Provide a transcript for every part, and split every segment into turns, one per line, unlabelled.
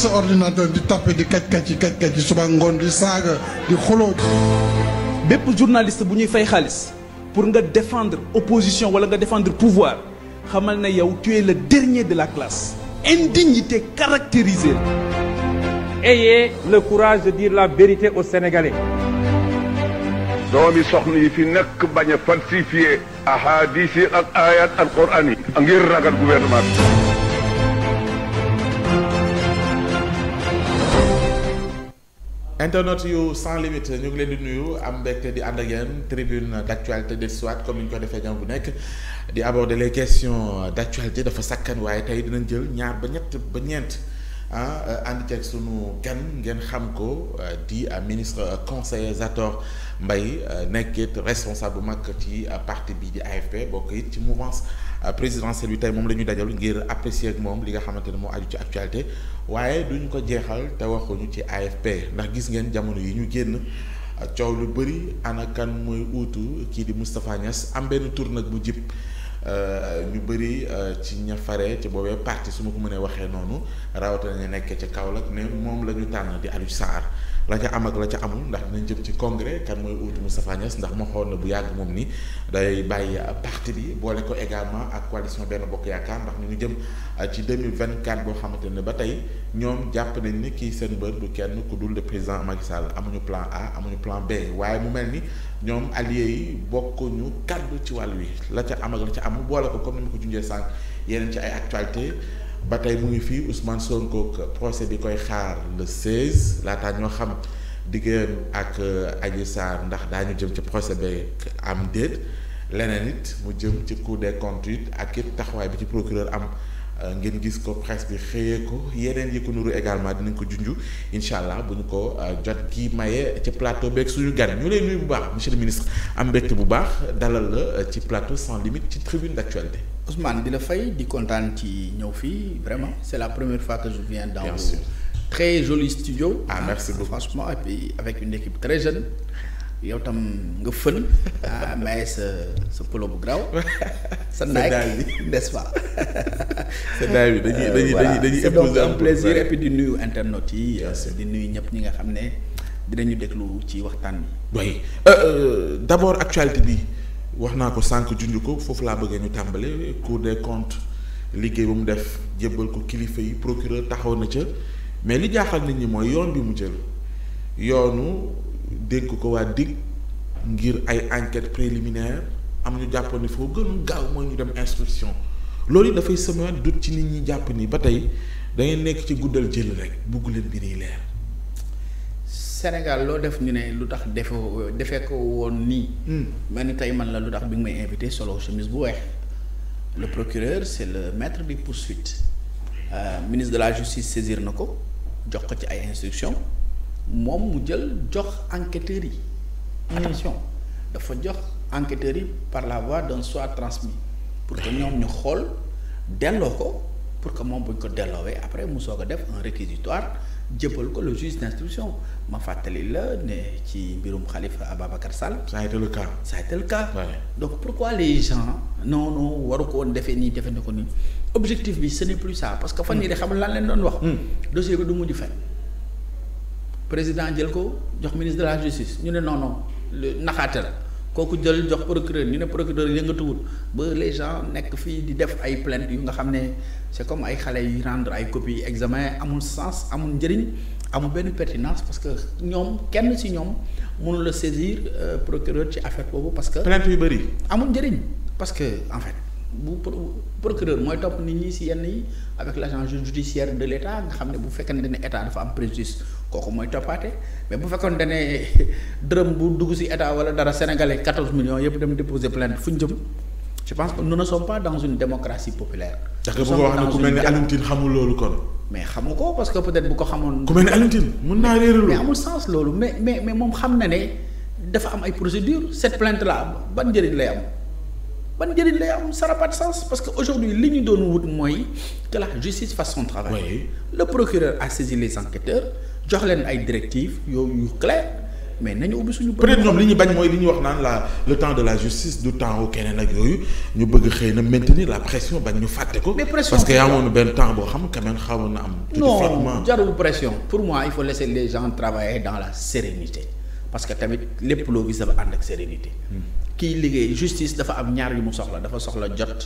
sa ordinateur di tappe di kaj kaj yi kaj kaj yi suba ngoon di saaga di xuloo bépp journaliste bu ñuy fay xaalis pour nga défendre opposition wala nga défendre pouvoir xamal na yow tu es le dernier de la classe indignité caractérisée ayez le courage de dire la vérité au Sénégalais
doomi soxna yi fi nekk bañ a falsifier ahadis yi ak ayat alquran yi ngir ragal gouvernement
internet yu sans limite ñu ngi leen di nuyu am mbégte di ànd a yéen tribune d' de soit comme ñu ko defee jàmm bu nekk di aborder les questions d' actualité dafa sakkan waaye tey dinañ jël ñaar ba ñett ba ñeent. ah ànd sunu gan ngeen xam ko euh, di euh, ministre euh, conseiller Zator Mbaye nekkit responsable bu mag ci parti bi di AFP bokk it ci mu mouvance présidentielle bi tey moom la dajal ngir apprécier ak moom li nga xamante ne moo aju ci actualité waaye duñ ko jeexal te waxuñu ci AFP ndax gis ngeen jamono yi ñu génn. coow lu bëri ana kan mooy uutu kii di Moustapha Niass am benn tour nag bu jib Euh, ñu bëri euh, ci ña fare ci boobee parti su ma ko mënee waxee noonu rawatina ñu nekkee ca Kaolack ne moom la ñu tànn di Aliou Sarr la ca am la ca amul ndax dinañ jëm ci congrès kan mooy uutu Moustapha Niass ndax ma xool na bu yàgg moom ni day bàyyi parti bi boole ko également ak coalition benn bokk yaakaar ndax ñu ngi jëm euh, ci 2024 boo xamante ne ba tey ñoom jàpp nañ ni kii seen bër du kenn ku dul le président Macky Sall amuñu plan A amuñu plan B waaye mu mel ni ñoom alliés yi bokkuñu kaddu ci wàll wi la ca am ak la ca amul boole ko comme ni ma ko junjee sànq yeneen ci ay actualité ba tey mu ngi fii Ousmane Sonko procès bi koy xaar le 16 laataa ñoo xam diggéen ak euh, Adji Sarr ndax daañu jëm ci procès bi am déet leneen it mu jëm ci Cour de comptes it ak it taxawaay bi ci procureur am euh, ngeen gis ko presse bi xëyee ko yeneen yi ko nuru également dinañ ko junj incha allah bu ñu ko euh, jot gi maye ci plateau beeg suñu gan ñu lay nuyu bu baax monsieur le ministre am mbégte bu baax dalal
la ci plateau sans limite ci tribune d'actualité Ousmane di la fay di kontaan ci ñëw fii vraiment c'est la première fois que je viens dans Bien sûr. très joli studio. Ah, ah merci beaucoup franchement et puis avec une équipe très yow tam nga fën ah mais sa sa polo bu graw sa naaj n'est-ce pas. sa naaj bi dañuy dañuy dañuy dañuy épouser di nuyu internautes yi. Euh, di nuyu ñëpp ñi nga xam ne dinañu déglu ci waxtaan bi. oui euh, euh, d'abord
wax naa ko sànq junj ko foofu laa bëggee ñu tàmbale cour de comptes liggéey bu mu def jébbal ko kilifa yi procureur taxaw na ca mais li jaaxal nit ñi mooy yoon bi mu jël yoonu dénk ko waa DIC ngir ay enquête préliminaire am ñu jàpp ni foo gën gaaw mooy ñu dem instruction loolu dafay semer doute ci nit ñi jàpp nii ba tey da nekk ci guddal jël rek bugg leen bi niy leer
Sénégal loo def ñu ne lu tax defe defee ko woon nii. mel hmm. ni tey man la lu tax bi nga may invité solo chemise bu weex. le procureur c' est le maître des poursuites euh, ministre de la justice saisir na ko jox ko ci ay instructions moom mu jël jox enquêteurs yi. Hmm. attention dafa jox enquêteurs yi par la voie d'un soit transmis pour que ñoom ñu xool delloo ko pour que moom buñ ko delloo delloowee après mu soog a def un réquisitoire. jëppal ko le juge d'instruction ma fàttali la ne ci mbirum xalifa Ababacar Sall. ça a été le cas. ça a été le cas. Ouais. donc pourquoi les gens. non waru ko woon defee nii defee na ko nii objectif bi ce n'est plus ça parce que fan nii de xam lan leen doon wax. Hmm. dossier bi du mujj fenn. président jël ko jox ministre de la justice ñu ne noonu non naxaate la. kooku jël jox procureur ñu ne procureur yëngatuwul ba les gens nekk fii di def ay plainte yu nga xam ne c'est comme ay xale yu rendre ay copie examen amul sens amul njëriñ amul benn pertinence parce que ñoom kenn ci ñoom mënul a saisir euh, procureur ci affaire boobu parce que. plainte yu bëri. amul njëriñ parce que en fait. bu procureur mooy topp nit ñi ci yenn yi avec l' agent judiciaire de l' état nga xam ne bu fekkee ne état dafa am préjudice kooku mooy toppaate mais bu fekkoon dane dërëm bu dugg ci état wala dara sénégalais 14 millions yëpp dem déposer plainte fu ñu jëm je pense que nous ne sommes pas dans une démocratie populaire. ndax nga bëgg a wax ne ku mel ne
Alioune xamul loolu kon.
mais xamu ko parce que peut-être bu ko xamoon. ku mel ne Alioune Tine naa réer loolu. mais amul sens loolu mais moom xam na ne dafa am ay procédures cette plainte là ban njëriñ lay am. ban njëriñ lay am ça n'a pas de sens parce que aujourd'hui li ñu doon wut mooy que la le procureur a saisi les enquêteurs. jox leen ay directive yooyu yu clair mais nañu ubbi suñu. peut-être ñoom li ñu bañ mooy li ñuy wax naan la le
temps de la justice du temps wu keneen ak yooyu ñu bëgg xëy na maintenir la pression bañ ñu fàtte ko. mais pression parce que yaa amoon benn temps boo xam quand même xawoon na am. tuuti non
jarul pression pour moi il faut laisser les gens travailler dans la sérénité parce que tamit lépp loo gis dafa ànd ak sérénité. Hmm. kiy liggéey justice dafa am ñaar yu mu soxla dafa soxla jot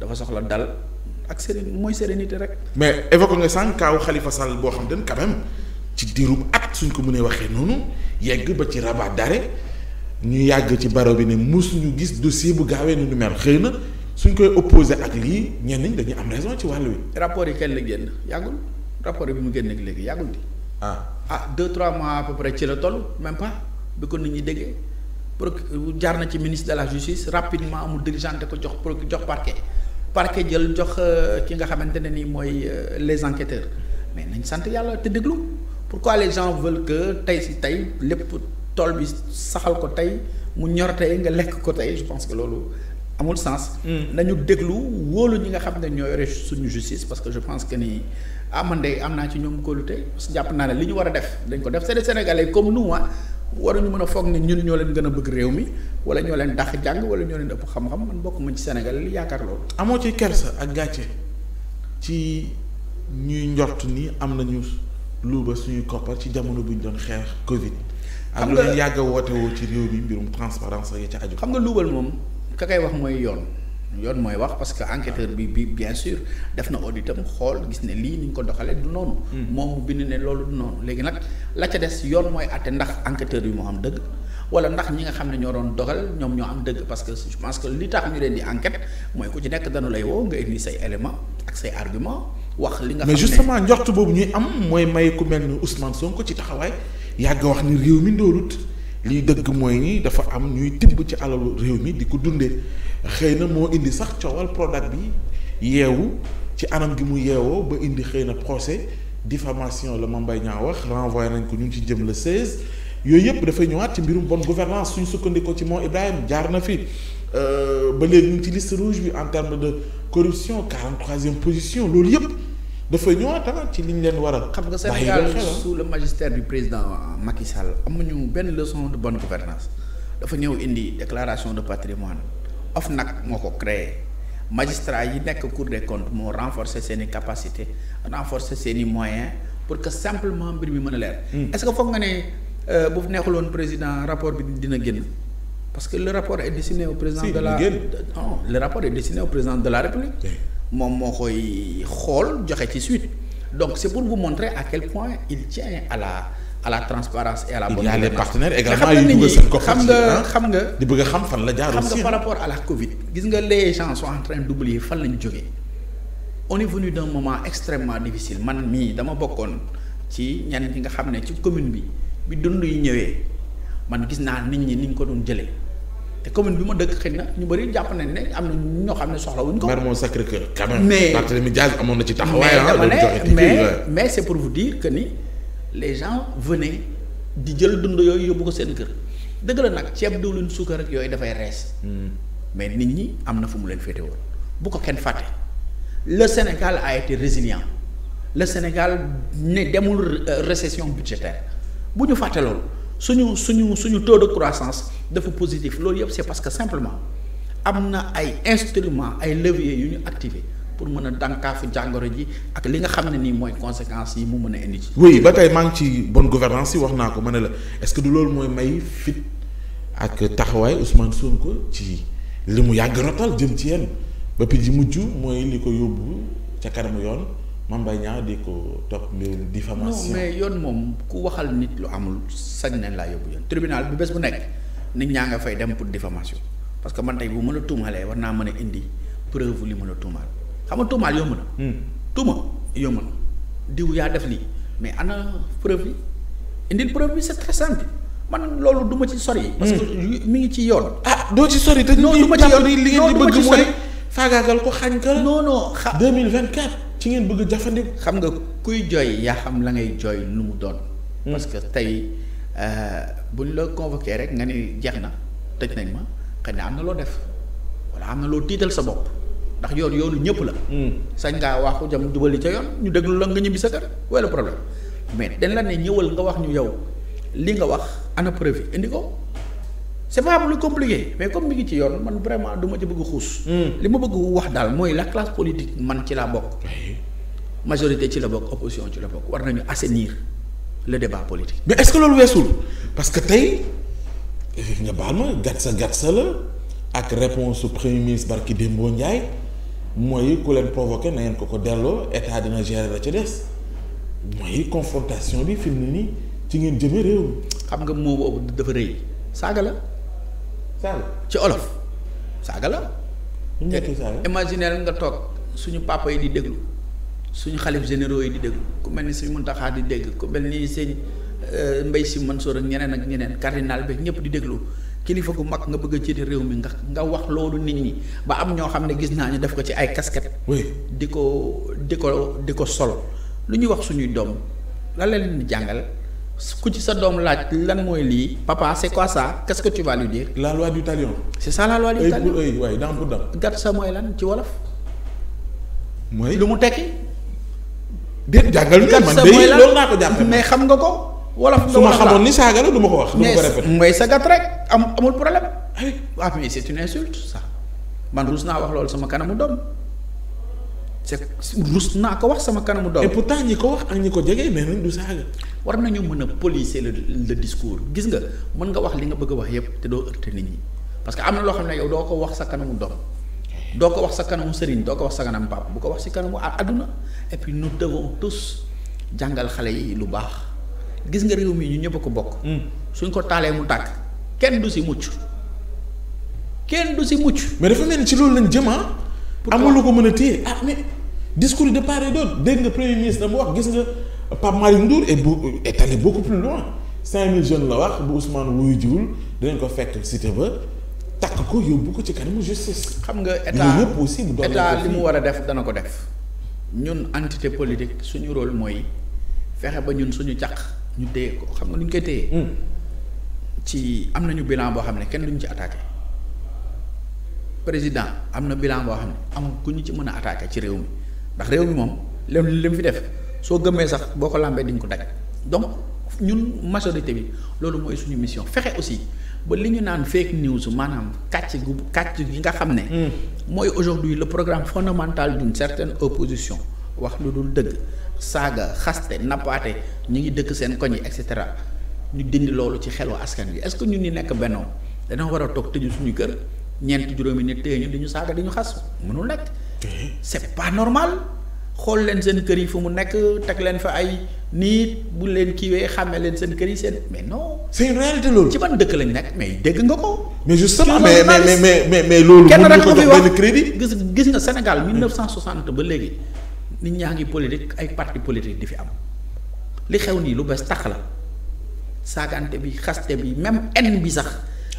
dafa soxla dal ak sérénité mooy sérénité rek. mais évoqué nga sànq kaaw Khalifa Sall boo xam ne quand ci
diirum at suñ ko mënee waxee noonu yegg ba ci rabat d'arrêt ñu yàgg ci baro bi ne mosuñu gis dossier bu gaawee ni nu mel xëy na suñ koy opposé ak lii ñenn ñi dañuy am
raison ci wàll wi. rapport yi kenn la génn yàggul rapport yi bi mu génn ak léegi yàggul di. ah ah deux trois mois à peu ci la toll même pas bi ko nit ñi déggee pro jaar na ci ministre de la justice rapidement mu dirigeante ko jox pro jox parquet parquet jël jox euh, ki nga xamante ne nii mooy euh, les enquêteurs mais sant yàlla te déglu. pour les gens veulent que tey si tey lépp tool bi saxal ko tey mu ñor nga lekk ko tey je pense que loolu amul sens. Hmm. nañu déglu wóolu ñi nga xam ne ñoo yore suñu justice parce que je pense que ni ah am naa ci ñoom kóolute parce que ne li ñu war a dañ ko def c'est des Sénégalais comme nous ah waruñu mën a foog ne ñun ñoo leen gën a bëgg réew wala ñoo leen dàq jàng wala ñoo leen xam-xam bokk ma ci Sénégal li yaakaar amoo ci kersa ak gàcce
ci ñuy njort ni am nañu. luuba suñu koppar ci
jamono bu ñu doon xeex Covid. ak lu ñu yàgg a woote woo ci réew mi mbirum transparence ya ca aju. xam nga luubal moom ka kay wax mooy yoon yoon mooy wax parce que enquêteur bi bi bien sur def na auditam xool gis ne lii ni ñu ko doxalee du noonu. Hmm. moom mu bind ne loolu du noonu léegi nag la ca des yoon mooy àtte ndax enqueteur yi moo am dëgg. wala ndax ñi nga xam ne ñoo doon dogal ñoom ñoo am dëgg parce que je pense que li tax ñu leen di enquête mooy ku ci nekk dañu lay woo nga indi say élément ak say argument wax li nga xam ne mais justement
njort boobu ñuy am mooy may ku mel ni Ousmane ko ci taxawaay yàgg wax ni réew mi ndóolut liy dëgg mooy nii dafa am ñuy tibb ci alalu réew mi di ko dundee xëy na moo indi sax coowal Prodac bi yeewu ci anam gi mu yeewoo ba indi xëy na procès diffamation la Mame Mbaye Niang wax renvoyé nañ ko ñun ci jëm la 16 yooyu yëpp dafay ñëwaat ci mbirum bonne gouvernance suñu sukkandikoo ci moo Ibrahima jaar na fi euh, ba léegi ñu ngi ci liste rouge bi en terme de corruption 43e position loolu yëpp dafa ñëwaat tamit ah ci li ñu leen waral. xam nga Sénégal ah.
sous le magistère du président Macky Sall ñu benn leçon de bonne gouvernance dafa ñëw indi déclaration de patrimoine nag moo ko créé magistrat yi nekk cour des comptes moo renforcer seen i capacité renforcer seen i moyens pour que simplement mbir mi mën a leer. Hmm. est-ce que foog nga ne euh, bu neexuloon président rapport bi dina génn. parce que le rapport est destiné au président si, de la non le rapport est destiné président de la République. Oui. moom moo koy xool joxe ci suite donc c'est pour vous montrer à quel point il tient à la à la transparence et à la bonne gouvernance. Il y ko xam nga xam nga di bëgg xam fan la jaar xam nga par rapport à la Covid nga les gens sont en train d'oublier fan lañ jógee on est venu d'un moment extrêmement difficile man mii dama bokkoon ci ñenn ñi nga xam ne ci commune bi bi dund yi ñëwee man gis naa nit ñi ni ñu ko doon jëlee te commune bi ma dëkk xëy na ñu bëri jàpp nañ ne am na ñoo xam ne soxlawuñ ko. Mermoz
Sacré-Cœur quand même. mais Barthélémy Diaz amoon na ci taxawaay. Ah, mais mais
mais c'est pour vous dire que ni les gens venaient di jël dund yooyu yóbbu ko seen kër dëgg la nag ceeb diwlin suukar ak yooyu dafay rees. Hmm. mais nit ñi am na fu mu leen féete bu ko kenn fàtte le Sénégal a été résilient le Sénégal ne demul euh, récession budgétaire bu ñu fàtte loolu. suñu suñu suñu taux de croissance dafa positif loolu yëpp c'est parce que simplement am na ay instruments ay leviers yu ñu activer pour mën a dànkaafu jàngoro ji ak li nga xam ne nii mooy conséquences yi mu mën a indi. ci oui ba tey
maa ngi ci bon gouvernance yi wax naa ko ma ne la est-ce que du loolu mooy may fit ak taxawaay Ousmane Sonko ci li mu yàgg rotal jëm ci yenn ba pit yi mooy li ko yóbbu
ca kanamu yoon. Mame bay Niang di ko topp mbirum diffamation non yoon moom ku waxal nit lu amul sañ nañ laa yóbbu yoon tribunal bu bés bu nekk nit ñaa nga fay dem pour diffamation parce que man tey bu mën a tuumalee war naa mën indi preuve li mën a tuumaal xam nga tuumaal yomb na. Hmm. tuuma yomb na diw yaa def lii mais ana preuve yi indil preuve sa c'est très simple man loolu du ma ci sori. parce hmm. que mi ngi ci yoon. ah doo ci sori te. non du ma ci yoon faagaagal ko xañ ka la. non non vingt 2024 ci ngeen bëgg a jafandiku. xam nga kuy jooy yaa xam la ngay jooy lu mu doon. Hmm. parce que tey euh, buñ la convoqué rek nga ni jeex na tëj nañ ma xëy na am na loo def wala am na loo tiital sa bopp ndax yoon yoonu ñëpp la. Hmm. sañ ngaa waxu jam jubali ca yoon ñu déglu la nga ñibbi sa kër wala problème mais dañ la ne ñëwal nga wax ñu yow li nga wax ana preuve indi ko. c'est pas plus compliqué mais comme mi ngi ci yoon man vraiment du ma ci bëgg xuus. Hmm. li ma bëgg wax daal mooy la classe politique man ci laa bokk. majorité ci la bokk opposition ci la bokk war nañu assainir le débat politique. mais est-ce que loolu weesul parce que tey nga baal ma gatsa gatsa la
ak réponse su premier ministre Barki Dembo Ndiaye mooy ku leen provoqué na ngeen ko ko delloo état dina gérer la ci des mooy confrontation bi fi mu ne nii
ci ngeen jëmee réew. xam nga moo boobu dafa rëy la. ci olof saaga la imagineel nga toog suñu papa yi di déglu suñu xalif généraux yi di déglu ku mel ni suñu Muntaxa di dégg ku mel ni sëñ mbey Si mën ak ñeneen ak ñeneen cardinal bi ñëpp di déglu kilifa gu mag nga bëgg a réew mi nga nga wax loolu nit ñi ba am ñoo xam ne gis naa ñu def ko ci ay casquette di ko di ko di ko sol lu ñuy wax suñuy doom la leen jàngale ku ci sa doom laaj lan mooy lii papa c'est quoi ça quest que tu vas lui dire. la loi du talion. c'est ça la sa mooy lan ci wolof. mooy lu mu tekki. déet jàngal ñu man de ko jàppale mais xam nga ko. wolof nga su ma xamoon ni saaga la du ma ko wax. du ma ko répété mais sa gàtt rek ah, man ruus naa wax loolu sama kanamu doom. c'est rus naa ko wax sama kanamu doom. et pourtant ñi ko wax ak ñi ko jege nee nañ du saaga. war nañu mën a policer la le gis nga mën nga wax li nga bëgg a wax yépp te doo heurter nit ñi parce que am na loo xam ne yow doo ko wax sa kanamu doom doo ko wax sa kanamu sëriñ doo ko wax sa kanamu papa bu ko wax si kanamu àdduna et puis nous devons tous jàngal xale yi lu baax gis nga réew mi ñu ñëpp a ko bokk. Hmm. suñ ko taalee mu tàkk kenn du si mucc kenn du si mucc. mais dafa mel ci loolu lañ jëm ah. amul lu ko mën a téye ah mais
discours yi de part et d'autre dégg nga premier ministre dama wax gis nga Pape Malick Ndour est bu est allé beaucoup plus loin 5000 jeunes la wax bu Ousmane wuyu jiwul dinañ ko fekk cité ba takk ko yóbbu ko ci kanamu justice. xam nga état yooyu yëpp aussi bu li mu war a def
dana ko def ñun entité politique suñu rôle mooy fexe ba ñun suñu caq ñu téye ko xam nga nu koy téye. Hmm. ci am nañu bilan boo xam ne kenn duñ ci attaque président am na bilan boo xam ne amul ku ñu ci mën a attaqué ci réew mi ndax réew mi moom lim li fi def soo gëmmee sax boo ko làmbee di ko daj donc ñun majorité bi loolu mooy suñu mission fexe aussi ba li ñu naan fake news maanaam kàcc gu kàcc gi nga xam ne. Hmm. mooy aujourd'hui le programme fondamental d'une certaine opposition wax lu dul dëgg saaga xaste nappaate ñu ngi dëkk seen koñ yi cetera ñu dindi loolu ci xelu askan bi est-ce que ñun ñi nekk bennoo dañoo war a toog tëju suñu kër. ñeent juróomi nit téye ñu di ñu saaga di ñu xas mënul nekk. c'est pas normal. xool leen seen kër yi fu mu nekk teg leen fa ay nit bu leen kiiwee xàmme leen seen kër yi seen mais non. c'est une loolu. ci ban dëkk lañ nekk mais dégg nga ko. mais justement mais mais
mais mais mais loolu. kenn rek ko fi wax
crédit. gis gis nga Sénégal 1960 ba léegi nit ñaa ngi politique ay parti politique di fi am li xew nii lu bees tax la saagante bi xaste bi même en bi sax.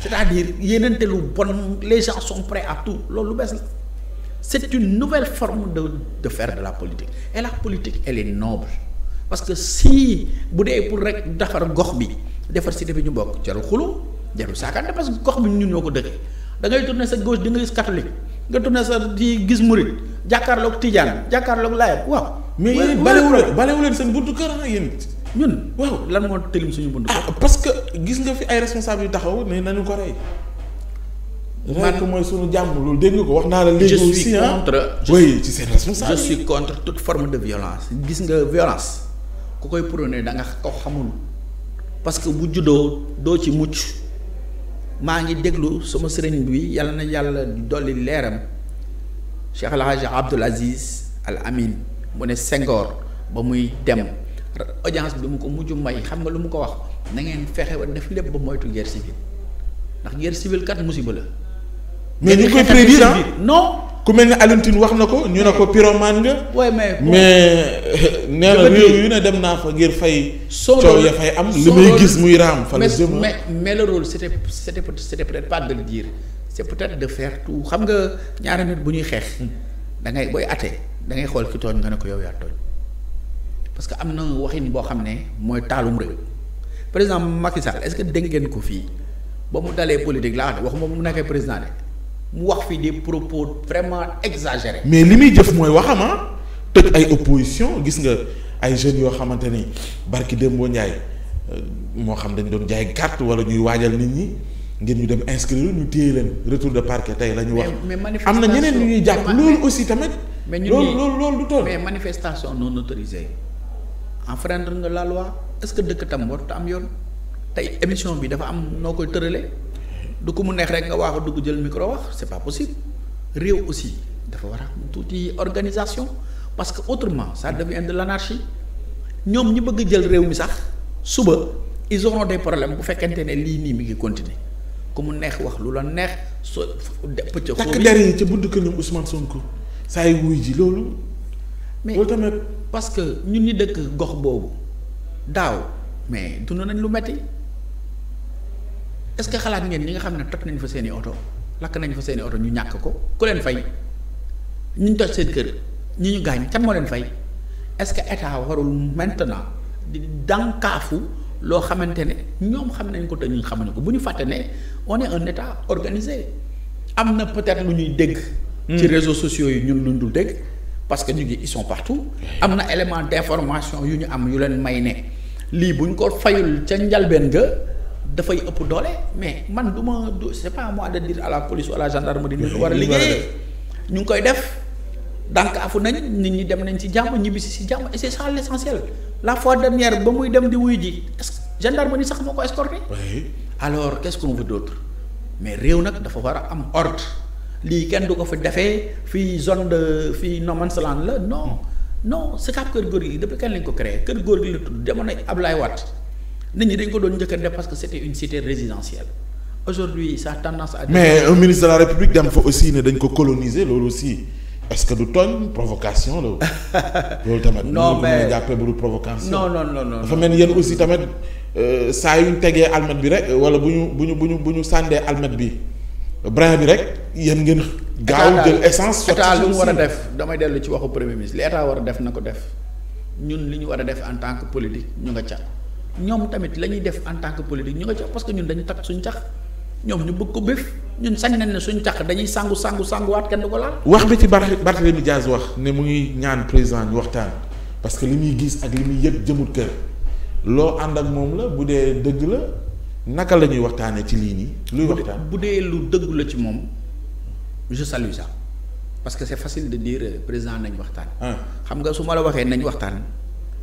c'est-à-dire yéenante lu bon les gens sont prêts à tout loolu lu bees la c'est une nouvelle forme de de faire de la politique et la politique elle noble parce que si bu dee pour rek defar gox bi defar si bi ñu bokk jarul xulu jarul saakante parce que gox bi ñun ñoo ko dëkkee da ngay tourner sa gauche di nga gis catholique nga tourner sa di gis murit jàkkaarloog tijaan jàkkaarloog laayam waaw. mais yéen balewuleen balewuleen seen buntu kër ah, yéen ñun waaw lan moo
tëlim suñu bund. ah parce que gis nga fi ay responsable yu taxaw ne nañu ko rey. rey ko mooy suñu jàmm loolu dégg nga ko wax naa la. léegi je suis ah. contre
oui ci seen responsable je suis contre toute forme de violence. gis nga violence ku koy prone danga ko xamul parce que bu juddoo doo ci mucc maa ngi déglu sama sëriñ bi yàlla na yàlla dolli leeram Cheikh El Hadj Abdoul Aziz Al Amin mu ne Senghor ba muy dem. audience bi mu ko mujj may xam nga lu mu ko wax na ngeen fexe ba def lépp ba moytu guerre civile ndax guerre civile kat musiba la. mais ñu koy prédire ah.
non. ku mel ne Alioune Tine wax na ko ñu ne ko pyromane nga. mais nee na réew yu ne dem naa fa ngir fay. soo coow ya fay am. li may gis muy raam. fan mais
mais le rôle c'était c'était c'était peut-être pas de le dire c'est peut de faire tout xam nga ñaari nit bu ñuy xeex hmm. da ngay booy ate da ngay xool ki tooñ nga ne ko yow yaa tooñ. parce que am na waxin boo xam ne mooy taalum réew par exemple Macky Sall est-ce que dégg ngeen ko fii ba mu dalee politique laa wax moom mu nekkee président de mu wax fii des propos vraiment exagérés. mais li muy jëf mooy
waxam ah tëj ay opposition gis nga ay jeunes yoo xamante ni barki Dembo Ndiaye euh, moo xam dañ doon jaay carte wala ñuy waajal nit ñi ngeen ñu dem inscrire ñu téye leen retour de parquet tey la ñu wax.
am na ñeneen ñu ñuy jàpp loolu aussi tamit. mais ñun loolu loolu loolu manifestation non autorisée. enfreindre nga la loi est-ce que dëkk tam warut am yoon tey émission bi dafa am noo koy tëralee du ko mu neex rek nga waax dugg jël micro wax c'est pas possible réew aussi dafa war a tuuti organisation parce que autrement ça inde de l'anarchie ñoom ñi bëgg jël réew mi sax suba ils auront des problèmes bu fekkente ne lii nii mi ngi continuer ku mu neex wax lu la neex so. pëcc takk der yi ca
bunt ko ñoom Ousmane Sonko
saa yu wuy ji loolu. mais loolu tamit parce que ñun ñi dëkk gox boobu daaw mais dund nañ lu metti est-ce que xalaat ngeen ñi nga xam ne toj nañ fa seeni oto lakk nañ fa seeni oto ñu ñàkk ko ku leen fay ñu toj seen kër ñi ñu gaañ kan moo fay est-ce que état warul maintenant di loo xamante ne ñoom xam nañ ko te ñun xamuñu ko bu ñu fàtte ne on am na peut-être lu ñuy dégg. Hmm. ci réseau sociaux yi ñun luñ dul dégg. parce que ñu ngi ils am na élément d'information yu ñu am yu leen may ne lii bu ko fayul ca njalbeen ga dafay ëpp doole mais man du ma du c'est pas à moi de dire à la police ou à la war a ñu ngi koy def donc afu nañ nit ñi dem nañ ci jàmm ñibbisi ci jàmm et c'est ça l'essentiel la fois dernière ba muy dem di wuy ji gendarmerie sax moo ko escorté alors qu'est-ce qu'on veut d'autre mais réew nag dafa war a am ordre lii kenn du ko fi defee fii zone de fii no man's land la non hmm. non Sicap Kër Gorgui depuis kañ lañ ko créé Kër Gorgui la tudd jamono Ablaye Wade nit ñi dañ ko doon njëkk a def parce que c'était une cité résidentielle aujourd'hui ça a tendance à. mais un
ministre de la République dem fa aussi ne dañ ko coloniser loolu aussi est-ce du tooñ provocation la. loolu tamit. non mais jàppee bu du provocation. non
non non yéen aussi tamit
euh, saa yu ñu tegee almet bi rek wala bu ñu bu ñu bu ñu bu ñu sàndee almet bi. brin bi rek yéen ngeen. gaaw jël essence. état lu mu war a def
damay dellu ci waxu premier ministre li war a def na ko def ñun li ñu war a def en tant que politique ñu nga ca ñoom tamit la ñuy def en tant que politique ñu nga ca parce que ñun dañu takk suñu cax ñoom ñu bugg ko bëf ñun sañ nañ ne suñu cax dañuy sangu sangu sanguwaat kenn du ko laal.
wax bi ci Barthélémy Dias wax ne mu ngi ñaan président ñu waxtaan parce que li muy gis ak li muy yëg jëmut kër loo ànd ak moom la bu dee dëgg la. naka la ñuy waxtaanee ci lii nii. luy waxtaan
bu dee lu dëggu la ci moom je salue ça parce que c'est facile de dire euh, président nañ waxtaan. Ah. xam nga su ma la waxee nañu waxtaan.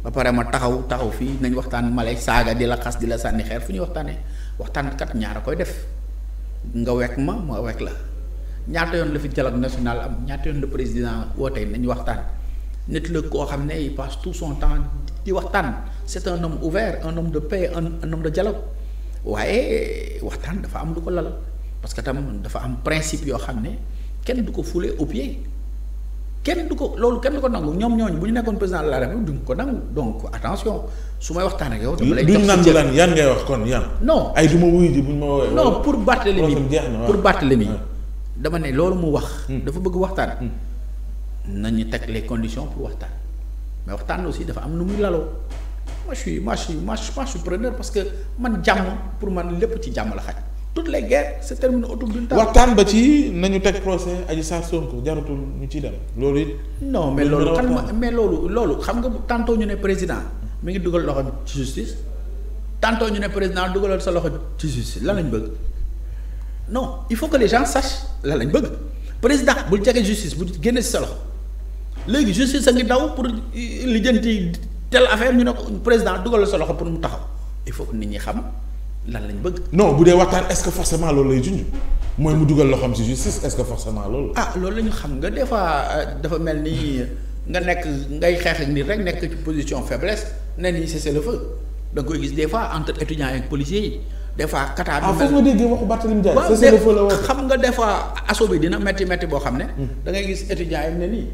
ba pare ma taxaw taxaw fii nañu waxtaan ma lay saaga di la xas di la sànni xeer fu ñuy waxtaanee waxtaan kat ñaar a koy def nga wekk ma ma wekk la ñaata yoon la fi dialogue national am ñaata yoon la président woote nañ waxtaan nit la koo xam ne il passe tout son temps di waxtaan c'est un homme ouvert un homme de paix un de dialogue. waaye waxtaan dafa am lu ko lalal parce que tam dafa am principe yoo xam ne kenn du ko fule au pied kenn du ko loolu kenn du ko nangu ñoom ñooñu bu ñu nekkoon président de la République duñ ko nangu donc attention su may waxtaan ak yow. dama lay jox si lan yan ngay wax kon yan. non ay du ma wuyu ji bu ñu ma woowee non pour dama ne loolu mu wax. Hmm. dafa bëgg waxtaan. Hmm. nañu teg les conditions pour waxtaan mais waxtaan aussi dafa am lu muy laloo. moi je suis moi je suis moi preneur parce que man jàmm pour man lépp ci jàmm la xaj. toutes les guerres se terminent autour d'une table. waxtaan ba
ci nañu teg procès Adji Sarr Sonko jaratul ñu ciy dem loolu it. non mais loolu xam nga
mais loolu loolu xam ne président mi ngi dugal loxo ci justice tantôt ñu ne président dugalal sa loxo ci justice lan lañ bëgg non il faut que les gens sachent lan lañ bëgg président bul jege justice bu génne si sa loxo léegi justice a ngi daw pour lijjanti. telle affaire ñu ne ko président dugal sa loxo pour mu taxaw il faut nit ñi xam lan lañ bëgg.
non bu dee waxtaan est-ce que forcément loolu lay junj mooy mu dugal loxo ci justice est-ce que forcément loolu.
ah loolu xam nga des fois euh, dafa mel ni nga nekk ngay xeex ak nit rek nekk ci position faiblesse nee nañu cessez le feu da nga gis des fois entre étudiants ak policiers yi. des fois kataar ah, bi mel ah
déggee waxu Barthélémy Dias.
xam nga des fois asso bi dina métti métti boo xam ne. Hmm. da ngay gis étudiants yam ne nii.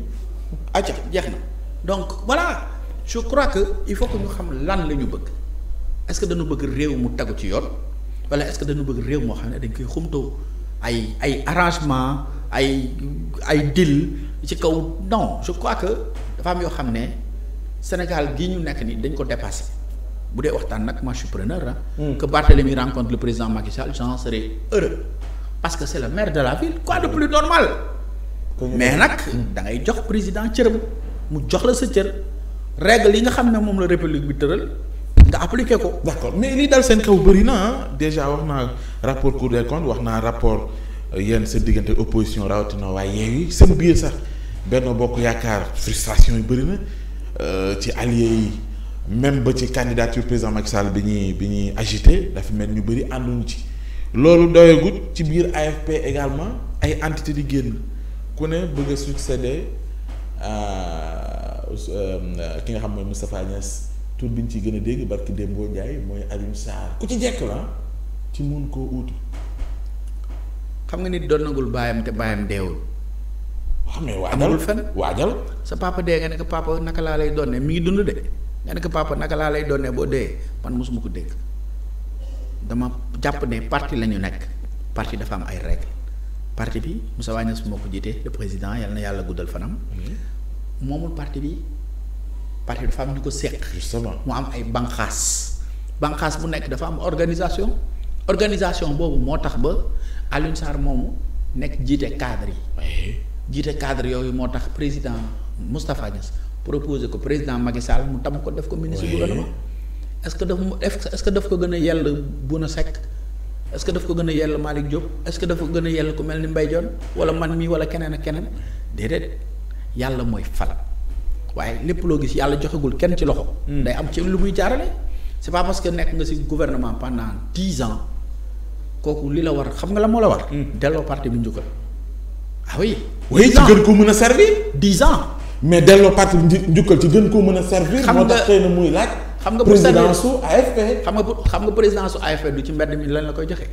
acca jeex na donc voilà. je crois que il faut que ñu xam lan la ñu bëgg est-ce que danu bëgg réew mu tegu ci yoon wala est-ce que dañu bëgg réew moo xam ne dañ koy xumtoo ay ay arrangement ay ay deal ci kaw non je crois que dafa am yoo xam ne Sénégal gii ñu nekk ni dañ ko dépassé bu dee waxtaan nag moi je suis preneur ah. que Barthélemy rencontre le président Macky Sall j'en serais heureux parce que c'est le maire de la ville quoi de plus normal. mais nag hmm. da ngay jox président cëram mu jox la sa cër. règle yi nga xam ne moom la république bi tëral nga appliqué ko. d'accord mais
li dal seen kaw bëri na ah déjà wax naa rapport cour des comptes wax naa rapport euh, yenn sa diggante opposition rawatina waaye yeewi seen biir sax benn bokk yaakaar frustration yu bëri na euh, ci allié yi même ba ci candidature président Macky Sall bi ñuy bi ñuy agité dafa mel ñu bëri ànduñu ci loolu doyagut ci biir AFP également ay entité di génn ku ne bëgg a succéder. Euh, Euh, euh, ki nga xam mooy Moustapha Niass tur bi ñu ciy gën a dégg barki Dembo Ndiaye mooy Alioune
Sarr ku ci jekk la ci mun koo uutu. xam nga nit doon nagul baayam te baayam deewul. xam ne waajal amul fen waajal. sa papa dee nga ne ko papa naka laa lay doonee mi ngi dund de nga ne ko laa lay doonee boo dee man mosuma ko dégg dama jàpp ne parti la ñu nekk parti dafa am ay règle parti bi Moussa Wagnès moo ko jiite le président yal na yàlla guddal fanam. moomul parti bi parti bi dafa am ñu ko seq. justement mu am ay banqaas banqaas bu nekk dafa am organisation organisation boobu moo tax ba Alioune Sarr moomu nekk jiite cadre yi. jiite cadre yooyu moo tax président Moustapha Niass proposé ko président Macky Sall mu tam ko def ko ministre gouvernement est-ce que daf mu est-ce que daf ko gën a yell Bouna Seck est-ce que daf ko gën a yell Malick Diop est-ce que daf ko gën a yell ku mel ni Mbaye Dione wala man mii wala keneen ak keneen yàlla mooy fal waaye lépp loo gis yàlla joxegul kenn ci loxo. Hmm. day am ci lu muy jaarale. c'est pas parce que nekk nga ci gouvernement pendant dix ans kooku li la war xam nga la moo la war. Hmm. delloo parti bi njukkal. ah oui. oui ci gën koo mën a servir. dix ans. mais delloo parti
bi njukkal ci gën koo
mën a servir. xam nga moo tax xëy na muy laaj. xam nga pour servir présidence su AFP. xam nga xam nga présidence su AFP du ci mbedd mi lan la koy joxe.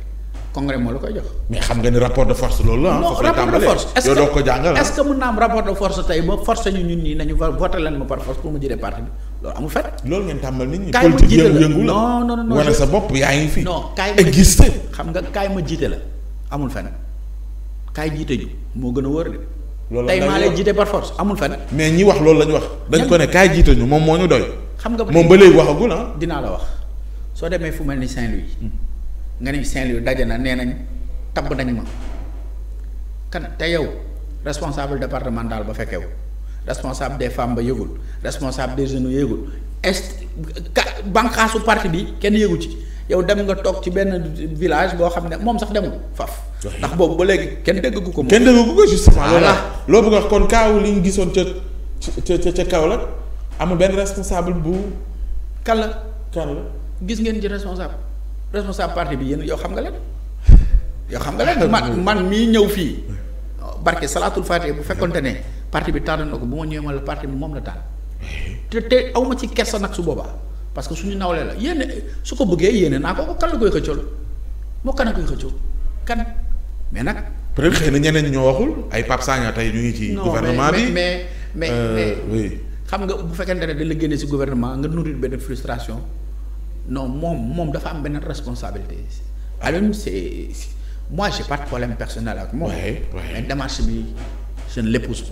congrès moo la koy jox.
mais xam nga ni rapport de force loolu la. non rapport de force est ce que yow doo ko jàngal est ce
que mën naa am rapport de force la politique yëngu la non jiite la amul fenn kaay jiite moo gën a wóor loolu la tey maa lay jiite par force amul fenn. mais ñi wax loolu la ñu wax. dañ ko ne kaay moom moo ñu doy. xam nga moom ba léegi waxagul ah. dinaa la wax soo demee fu mel ni Saint-Louis hmm. nga ni Saint-Louis daje na nee nañ tabb nañ ma kan te yow responsable départemental ba fekkew responsable des femmes ba yëgul responsable des jeunes yëgul est ka bànqaasu parti bi kenn yëgu ci yow dem nga toog ci benn village boo xam ne moom sax demul faf ndax boobu ba léegi kenn déggagu ko moom. kenn déggagu ko justement. voilà loolu nga kon kaaw li ñu gisoon ca ca ca kaw la amul benn responsable bu. kan la kan gis ngeen ci responsable. responsable parti bi yéen yow xam nga leen yow xam nga leen man mii ñëw fii barke salaatul faatee bu fekkante ne parti bi tànn na ko bu ma ñëwee ma la parti bi moom la tànn te te aw ma ci kersa nag su boobaa parce que suñu nawlee la yéen su ko bëggee yéene naa ko ko kan la koy xëccool moo kan la koy xëccool kan mais nag.
peut-être na ñeneen ñoo waxul ay Pape Sagna tey ñu ngi ci. gouvernement bi mais mais mais euh, mais
xam nga bu fekkente ne dañ la si gouvernement nga nourrir benn frustration. non moom moom dafa am benn responsabilité Alioune c'est moi j'ai pas part problème personnel ak moom ouais, ouais. mais démarche bi je ne l'épouse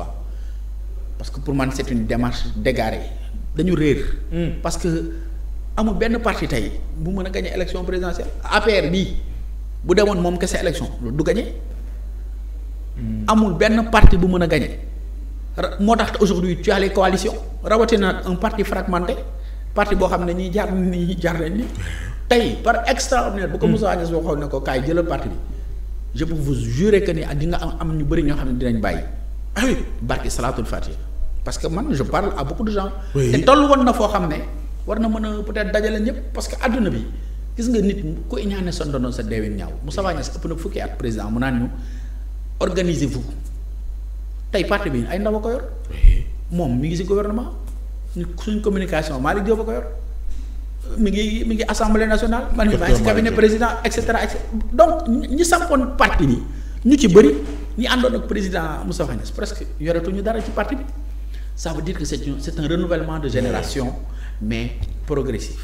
parce que pour man c'est une démarche dégarée dañu réer hmm. parce que amul benn parti tey bu mën a gañee élection présidentielle APR bii bu demoon moom kese élection du gagner hmm. amul benn parti bu mën a gagner moo tax aujourd'hui tu as les coalitions rawatina un parti fragmenté parti boo xam ne ñi jaar ni ñi jaar nañ ni tey par extraordinaire bu ko Moussa Niass waxoon ne ko kaay jëlal parti bi je peux vous jurer que ni di nga am am ñu bëri ñoo xam ne dinañ bàyyi. ah oui barki salaatul fatiha parce que man je parle à beaucoup woon na foo xam ne war na mën a peut-être dajale ñëpp parce que àdduna bi gis nga nit ku ñaane sa ndono sa deewin ñaaw Moussa Niass ëpp na fukki at président mu naan ñu organisez-vous tey parti bi ay ndaw a ko yor. moom mu ngi si gouvernement. suñ communication Malick Diop a ko yor mi ngi mi ngi assemblée nationale. man mi maa ngi si cabinet président et cetera et cetera donc ñi sampoon parti bi ñu ci bëri ñu àndoon ak président Moustapha Niasse presque yoretuñu dara ci parti bi ça veut dire que c'est un c'est renouvellement de génération mais progressif.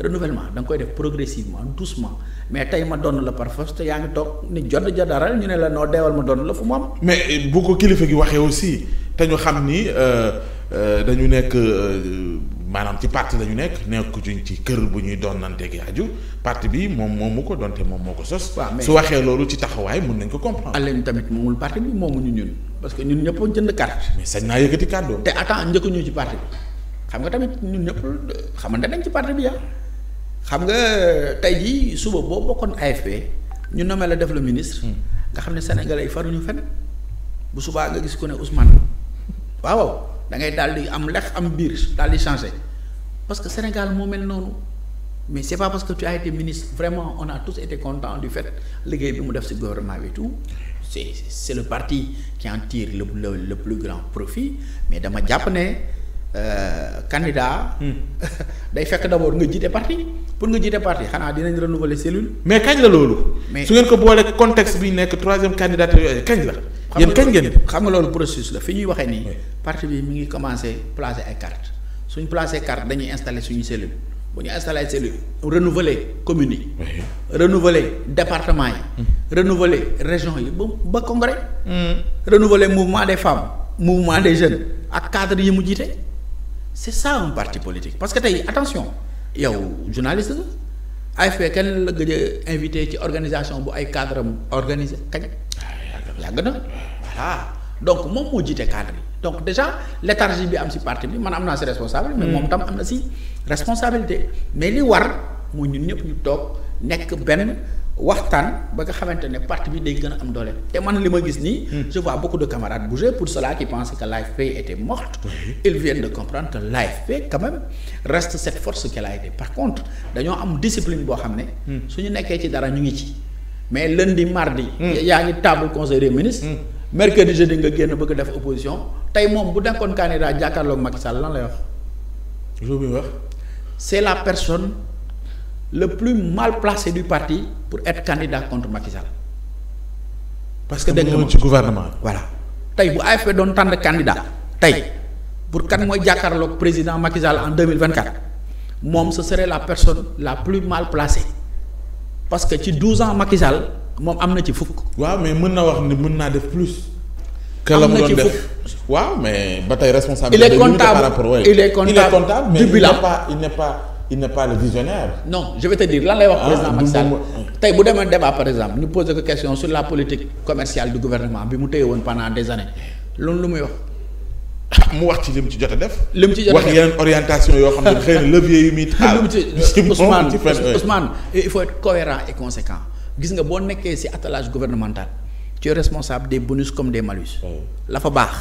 renouvellement da nga koy def progressivement doucement mais tey ma donn la par force te yaa ngi toog ni jot ja dara ñu ne la noo deewal ma donn la fu mu am
mais bu ko kilifa gi waxee aussi te ñu xam ni. Euh, Euh, dañu nekk euh, maanaam ci parti la ñu nekk nekkuñu ci kër bu ñuy doon nante doonanteeg yaaju parti bi moom moom mu ko donte moom moo ko sos. su waxee loolu ci taxawaay mun nañ ko comprendre.
Alioune tamit moomul parti bi ñu ñun parce que ñun ñëpp jënd carte. mais sañ naa yëkkati kàddu. te attends njëkk ñu ci parti bi xam nga tamit ñun ñëpp xamante nañ ci parti bi yaa ah. xam nga euh, tey jii suba boo bokkoon ñun na nommé la def le ministre. Hmm. nga xam ne sénégalais yi faruñu fenn bu subaa gis ku ne Ousmane da ngay daal di am lex am biir daal di changé parce que Sénégal moo mel noonu mais c'est pas parce que tu as été ministre vraiment on a tous été contents du fait liggéey bi mu def ci gouvernement bi tout c'est c'est le parti qui en tire le le, le plus grand profit mais dama jàpp ne euh, candidat. Hmm. day fekk d'abord nga jiite parti pour nga jiite parti xanaa dinañ renouveler cellule. mais kañ la loolu. mais su ngeen ko boolee contexte bi ñu nekk troisième candidature yooyu kañ la. yéen kañ ngeen xam nga la fi ñuy waxee nii parti bi mu ngi commencé placer ay carte suñu placer carte dañuy installer suñu cellule bu ñu installé ay cellule renouveler commune yi renouveler département yi mm. renouveler région yi ba ba congrès mm. renouveler mouvement des femmes mouvement des jeunes ak cadre yi mu jiite c'est ça un parti politique parce que tey attention yow journaliste AFP kenn la gëj invité ci organisation bu ay cadre am organisé kañ yàgg na voilà donc moom moo jiite cadre bi donc déjà léthargie bi am si parti bi man am naa ci responsabilité. mais hmm. moom tam am na ci responsabilité. mais li war mooy ñun ñëpp ñu toog nekk benn waxtaan ba nga xamante ne parti bi day gën a am doole te man li ma gis nii. Hmm. je vois beaucoup de camarades bouger pour cela qui pensaient que l'AFP était morte. ils viennent de comprendre que l'AFP quand même reste cette force qu'elle été par contre dañoo am discipline boo xam ne. Hmm. su ñu nekkee ci dara ñu ngi ci. mais lundi mardi. Hmm. yaa ngi table conseil ministre ministres. Hmm. de jeudi nga génn bëgg def opposition tey moom bu nekkoon candidat jàkkaarloog Macky Sall lan lay wax. jour wax. c'est la personne le plus mal placé du parti pour être candidat contre Macky parce que dégg nga ci
gouvernement voilà
tey bu AFP doon tànn candidat tey pour kan mooy jàkkaarloog président Macky Sall en deux mille vingt moom ce serait la personne la plus mal placée. parce que ci 12 ans Macky Sall moom am na ci fukk. waaw mais mën na wax ni mën naa def plus. que la mu doon def
waaw mais ba tey responsable. il est comptable il est comptable
mais il n'est pas il n'est pas il n'est pas le visionnaire. non je vais te dire lan lay wax ah, président Macky Sall bu demee débat par exemple ñu poser ko question sur la politique commerciale du gouvernement bi mu te woon pendant des années loolu lu muy wax. mu wax ci lim ci jot a def. lim ci jot a def wax yeneen orientation yoo xam ne xëy na levier
yu muy taal. Ousmane Ousmane
il faut être et conséquent gis nga boo nekkee ci attelage gouvernemental ci es responsable des bonus comme de malus. Oh. la fa baax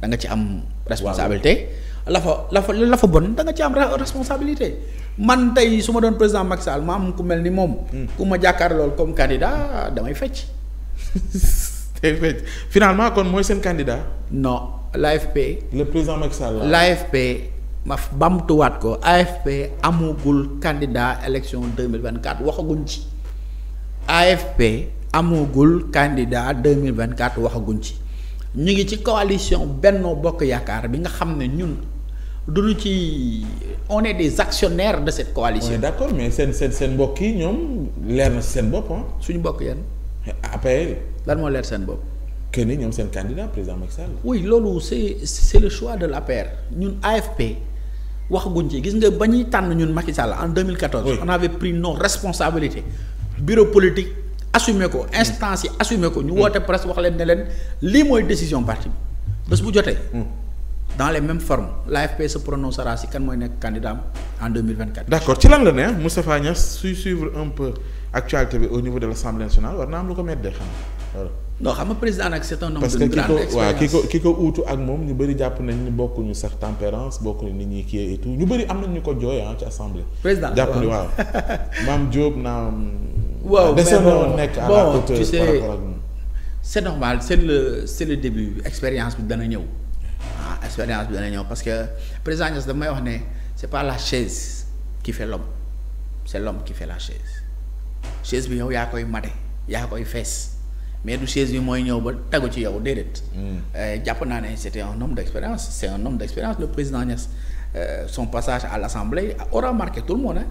da nga ci am. responsabilité la fa la fa la fa bon da nga ci am responsabilité. man tey su ma doon président Macky Sall ma am ku mel ni moom. Hmm. ku ma jàkkaar jàkkaarlool comme candidat damay fecc. finalement kon mooy seen candidat. non l'AFP. le président Macky Sall l'AFP ma bamtuwaat ko AFP amugul candidat élection deux mille vingt quatre waxaguñ ci. fp amugul candidat deux mille vingt quatre waxaguñ ci ñu ngi ci coalition Benno Bokk Yaakaar bi nga xam ne ñun. duñu ci on des actionnaires de cette coalition. on est d'accord mais seen seen seen mbokk yi ñoom leer na si seen boppam ah. suñu mbokk yan. APR. lan moo leer seen bopp. que ni ñoom seen candidat président Macky Sall. oui loolu c' est le choix de l' APR ñun AFP waxaguñ ci gis nga ba ñuy tànn ñun Macky Sall en 2014. Oui. on avait pris nos responsabilités bureau politique assumé ko instance yi assumé ko. ñu mm. woote presse wax leen ne leen li mooy décision parti bi bés bu jotee. Mm. dans les mêmes formes l'AFP se prononcera si kan mooy nekk candidat am en 2024. d' accord
ci lan actualité bi au niveau de l'Assemblée nationale war na am lu ko méttee xam voilà. non xam nga
président nag c'est un homme de grande expérience ki ko
ki ko uutu ak moom ñu bëri jàpp nañ ni bokkuñu sax tempérance bokkuñu nit ñi kii et tout bëri am nañ ñu ko jooy ah ci assemblée. président jàpp ni waaw maam waaw ah, mais bon nekk à la hauteur
par rapport le début expérience bi dana ñëw ah expérience bi dana ñëw parce que président Niass may wax ne c'est pas la chaise qui fait l'homme c'est l'homme qui fait la chaise. chaise bi yow yaa koy mate yaa koy fees mais du chaise bi mooy ñëw ba tagu ci yow déedéet. Hmm. Euh, jàpp naa ne c' était un homme d' expérience c' est un homme d' le président Niass euh, son passage à l' assemblée aura marqué tout le monde hein,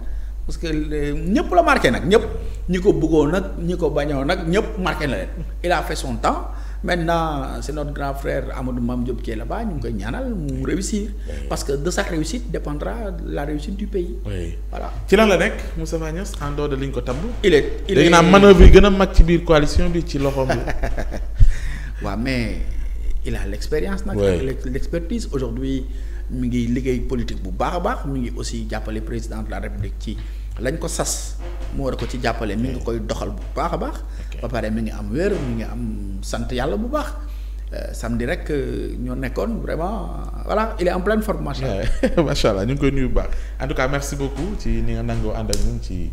parce que ñëpp la marqué nag ñëpp ñi ko buggoon nag ñi ko bañoon nag ñëpp marqué na leen il a fait son temps. maintenant c'est notre grand frère Amadou Mame Diop qui est là-bas ñu ngi koy ñaanal mu réussir. parce que de sa réussite dépendra de la réussite du pays. Oui. ci lan la nekk Moustapha Niasse en dehors de li
ko tabb. il est il est léegi naa manœuvre yi gën a mag ci biir coalition bi ci loxoom bi.
waaw mais il a l'expérience nag. oui l'expertise aujourd'hui mi ngi liggéey politique bu baax a baax mi ngi aussi jàppale président de la République ci. lañ ko sas mu war ko ci jàppale mi ngi koy doxal bu baax a baax ba pare mi ngi am wér mi ngi am sant yàlla bu baax euh, samedi rek euh, ñoo nekkoon vraiment voilà il est en pleine forme macha allah ñu ngi koy nuyu bu baax en tout cas merci beaucoup ci ni nga nangoo ànd ak ñun ci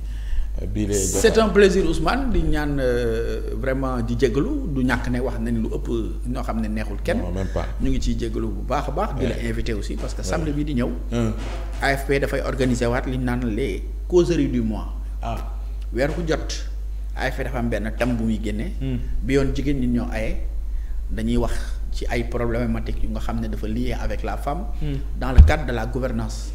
bii c'est un
plaisir Ousmane di ñaan euh, vraiment di jégalu du ñàkk ne wax nañ lu ëpp noo xam ne neexul kenn. même ñu ngi ciy jégalu bu baax a baax. di la invité aussi parce que samedi bi di ñëw. AFP dafay organiser waat li ñu naan les causeries du mois. ah weer ku jot. AFP dafa am benn thème bu muy génne. bi yoon jigéen ñi ñoo aye dañuy wax ci ay problématiques yu nga xam ne dafa lie avec la femme. dans le cadre de la gouvernance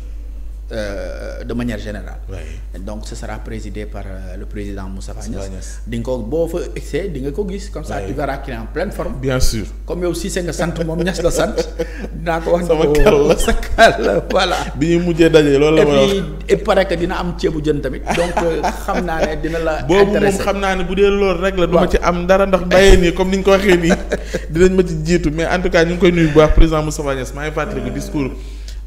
euh, de manière générale. Ouais. donc ce sera présidé par euh, le président Moustapha Niasse. di nga ko boo fa excès di nga ko gis. comme ça tu verras qu'il est en pleine forme. bien sûr comme yow Cissé nga sant moom Niasse la sant. dinaa ko wax sama bi ñu mujjee daje loolu la ma wax euh, xam naa ne dina la. intéressé boobu moom xam
naa bu dee loolu rek la. du ci am dara ndax bàyyee nii comme ni ko waxee nii. dinañ ma ci jiitu mais en tout ñu ngi koy nuyu bu baax président Moustapha Niasse maa ngi fàttali ko discours.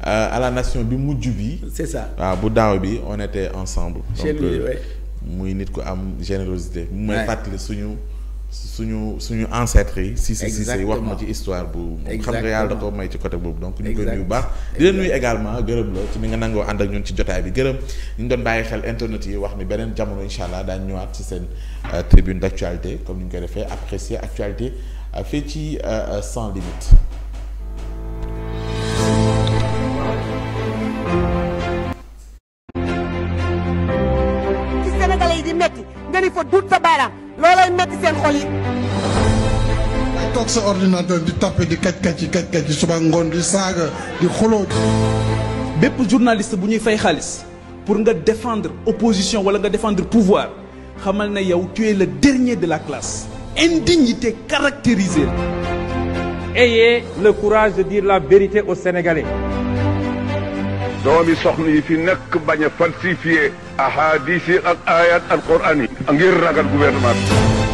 Euh, à la nation bi mujj bi. c'est ça waaw ah, bu daaw bi on était ensemble. donc euh, muy nit ku am générosité. mu may fàttali suñu suñu suñu ancêtre yi. si si si si wax ma ci histoire bu. xam nga yàlla da ko may ci côté boobu. donc ñu koy nuyu bu baax. di leen nuyu également gërëm la ci ni nga nangoo ànd ak ñun ci jotaay bi gërëm ñu doon bàyyi xel internet yi wax ni beneen jamono incha allah daañu ñëwaat ci seen euh, tribune d'actualité comme ni ñu koy defee apprécier actualité fii ci sans limite. sa ordinateur di tappe di kaj kaj yi kaj kaj yi suba ngoon di saaga di xuloo
bépp journaliste bu ñuy fay xaalis pour nga défendre opposition wala nga défendre pouvoir xamal na yow tu es le dernier de la classe indignité caractérisée
ayez le courage de dire la vérité au Sénégalais
doomi soxna yi fi nekk bañ a falsifier ahadis yi ak ayat a ngir ragal gouvernement